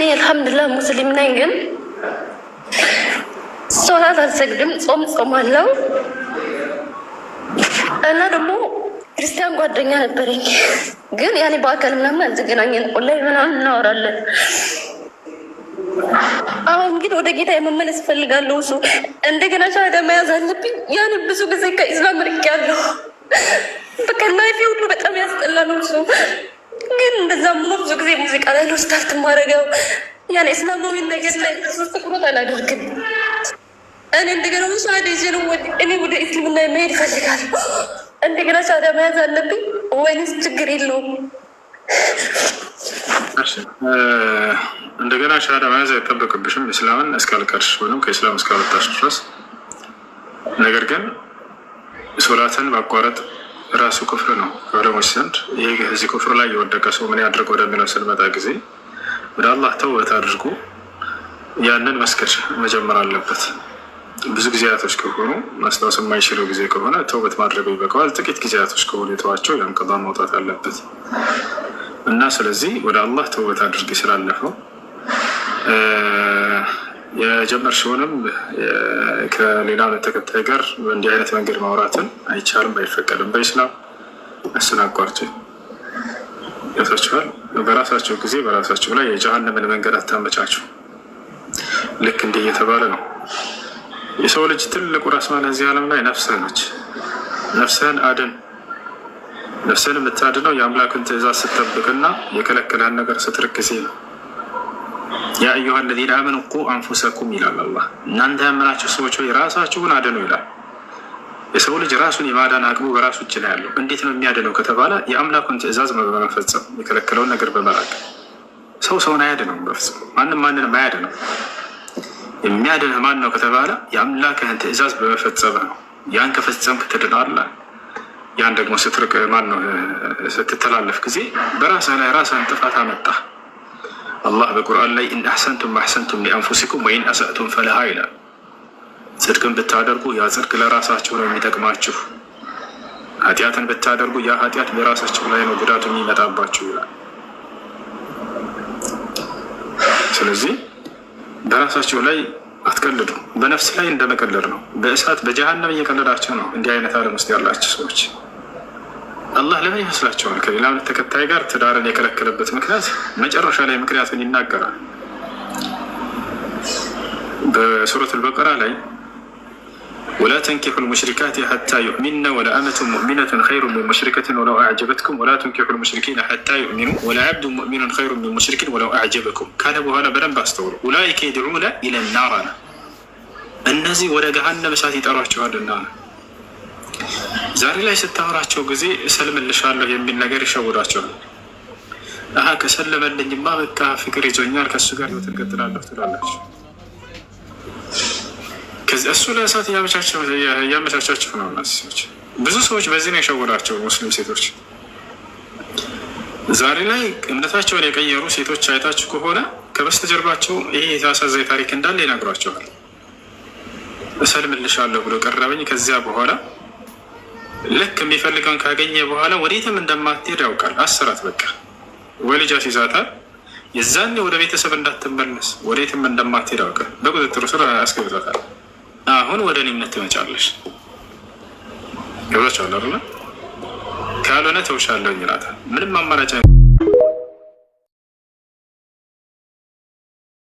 እኔ አልሐምዱላ ሙስሊም ነኝ፣ ግን ሶላት አልሰግድም። ጾም ጾማለሁ። እና ደግሞ ክርስቲያን ጓደኛ ነበረኝ፣ ግን ያኔ በአካል ምናምን አልተገናኘን፣ ኦንላይን ምናምን እናወራለን። አሁን ግን ወደ ጌታ የመመለስ እፈልጋለሁ። እሱ እንደገና ሻሃዳ መያዝ አለብኝ። ያን ብዙ ጊዜ ከኢስላም ርቅ ያን እስላማዊ ነገር ላይ ሶስት ትኩረት አላደርግም። እኔ እንደገና ሻሃዳ ይዤ ነው እኔ ወደ እስልምና መሄድ እፈልጋለሁ። እንደገና ሻሃዳ መያዝ አለብኝ ወይንስ ችግር የለውም? እንደገና ሻሃዳ መያዝ አይጠበቅብሽም እስላምን እስካልቀርሽ ወይም ከእስላም እስካልወጣሽ ድረስ። ነገር ግን ሶላትን ማቋረጥ ራሱ ክፍር ነው በዑለሞች ዘንድ። ይህ እዚህ ክፍር ላይ የወደቀ ሰው ምን ያድርግ ወደሚለው ስንመጣ ጊዜ ወደ አላህ ተውበት አድርጎ ያንን መስገድ መጀመር አለበት። ብዙ ጊዜያቶች ከሆኑ ማስታወስ የማይችለው ጊዜ ከሆነ ተውበት ማድረግ ይበቃዋል። ጥቂት ጊዜያቶች ከሆኑ የተዋቸው ያን ቀዷ ማውጣት አለበት እና ስለዚህ ወደ አላህ ተውበት አድርግ ስላለፈው ሲሆንም ከሌላ እምነት ተከታይ ጋር እንዲህ አይነት መንገድ ማውራትን አይቻልም፣ አይፈቀድም። በኢስላም አሰናቋርጭ ገብቷችኋል። በራሳቸው ጊዜ በራሳቸው ላይ የጀሃነምን መንገድ አታመቻቸው። ልክ እንዲህ እየተባለ ነው። የሰው ልጅ ትልቁ ራስ ማለት እዚህ ዓለም ላይ ነፍስህ ነች። ነፍስህን አድን። ነፍስህን የምታድነው የአምላክን ትእዛዝ ስትጠብቅና የከለከለህን ነገር ስትርክ ጊዜ ነው። ያ አዩሃ ለዚነ አመኑ ቁ አንፉሰኩም ይላል አላህ። እናንተ ያመናችሁ ሰዎች የራሳችሁን አድኑ ይላል። የሰው ልጅ ራሱን የማዳን አቅሙ በራሱ እጅ ላይ ያለው እንዴት ነው የሚያድነው ከተባለ የአምላኩን ትእዛዝ በመፈጸም የከለከለውን ነገር በመራቅ ሰው ሰውን አያድነውም በፍጹም ማንም ማንንም አያድነውም የሚያድንህ ማን ነው ከተባለ የአምላክህን ትእዛዝ በመፈጸምህ ነው ያን ከፈጸምክ ትድናለህ ያን ደግሞ ስትርቅ ማን ነው ስትተላለፍ ጊዜ በራስህ ላይ ራስህን ጥፋት አመጣህ አላህ በቁርአን ላይ ኢን አሕሰንቱም አሕሰንቱም ሊአንፉሲኩም ወኢን አሳእቱም ፈለሃ ይላል ጽድቅን ብታደርጉ ያ ጽድቅ ለራሳችሁ ነው የሚጠቅማችሁ፣ ኃጢአትን ብታደርጉ ያ ኃጢአት በራሳችሁ ላይ ነው ጉዳቱ የሚመጣባችሁ ይላል። ስለዚህ በራሳችሁ ላይ አትቀልዱ። በነፍስ ላይ እንደመቀለድ ነው። በእሳት በጀሃነም እየቀለዳቸው ነው። እንዲህ አይነት ዓለም ውስጥ ያላቸው ሰዎች አላህ ለምን ይመስላቸዋል? ከሌላ እምነት ተከታይ ጋር ትዳርን የከለከለበት ምክንያት መጨረሻ ላይ ምክንያቱን ይናገራል በሱረት አልበቀራ ላይ ወላ ተንኪሑ ልሙሽሪካት ሓታ ዩእሚንና ወለአመቱ ሙእሚነቱን ኸይሩ ምን ሙሽሪከትን ወለው አዕጀበትኩም ወላ ተንኪሑ ልሙሽሪኪነ ሓታ ዩእሚኑ ወለዓብዱ ሙእሚኑን ኸይሩ ምን ሙሽሪኪን ወለው አዕጀበኩም ካለ በኋላ በደንብ አስተውሉ። ኡላይከ የድዑነ ኢለናር አለ። እነዚህ ወደ ገሃነመ እሳት ይጠሯቸዋልና ዛሬ ላይ ስታወራቸው ጊዜ እሰልምልሻለሁ የሚል ነገር ይሸውዳቸዋል። አሀ ከሰለመልኝማ በቃ ፍቅር ይዞኛል ከእሱ ጋር ህይወትን ቀጥላለሁ ትላላችሁ። ከዚህ እሱ ለእሳት እያመቻቻቸው ነው። እነዚህ ሰዎች ብዙ ሰዎች በዚህ ነው የሸወዳቸው ሙስሊም ሴቶች። ዛሬ ላይ እምነታቸውን የቀየሩ ሴቶች አይታችሁ ከሆነ ከበስተጀርባቸው ይሄ የታሳዛኝ ታሪክ እንዳለ ይነግሯቸዋል። እሰልምልሻለሁ ብሎ ቀረበኝ፣ ከዚያ በኋላ ልክ የሚፈልገውን ካገኘ በኋላ ወዴትም እንደማትሄድ ያውቃል። አስራት በቃ ወልጃ ሲዛታል። የዛኔ ወደ ቤተሰብ እንዳትመለስ ወዴትም እንደማትሄድ ያውቃል። በቁጥጥሩ ስር አስገብዛታል። አሁን ወደ እኔ እምነት ትመጫለሽ። ገብቶሻል አይደለ? ካልሆነ ተውሻለሁ ይላታል። ምንም አማራጭ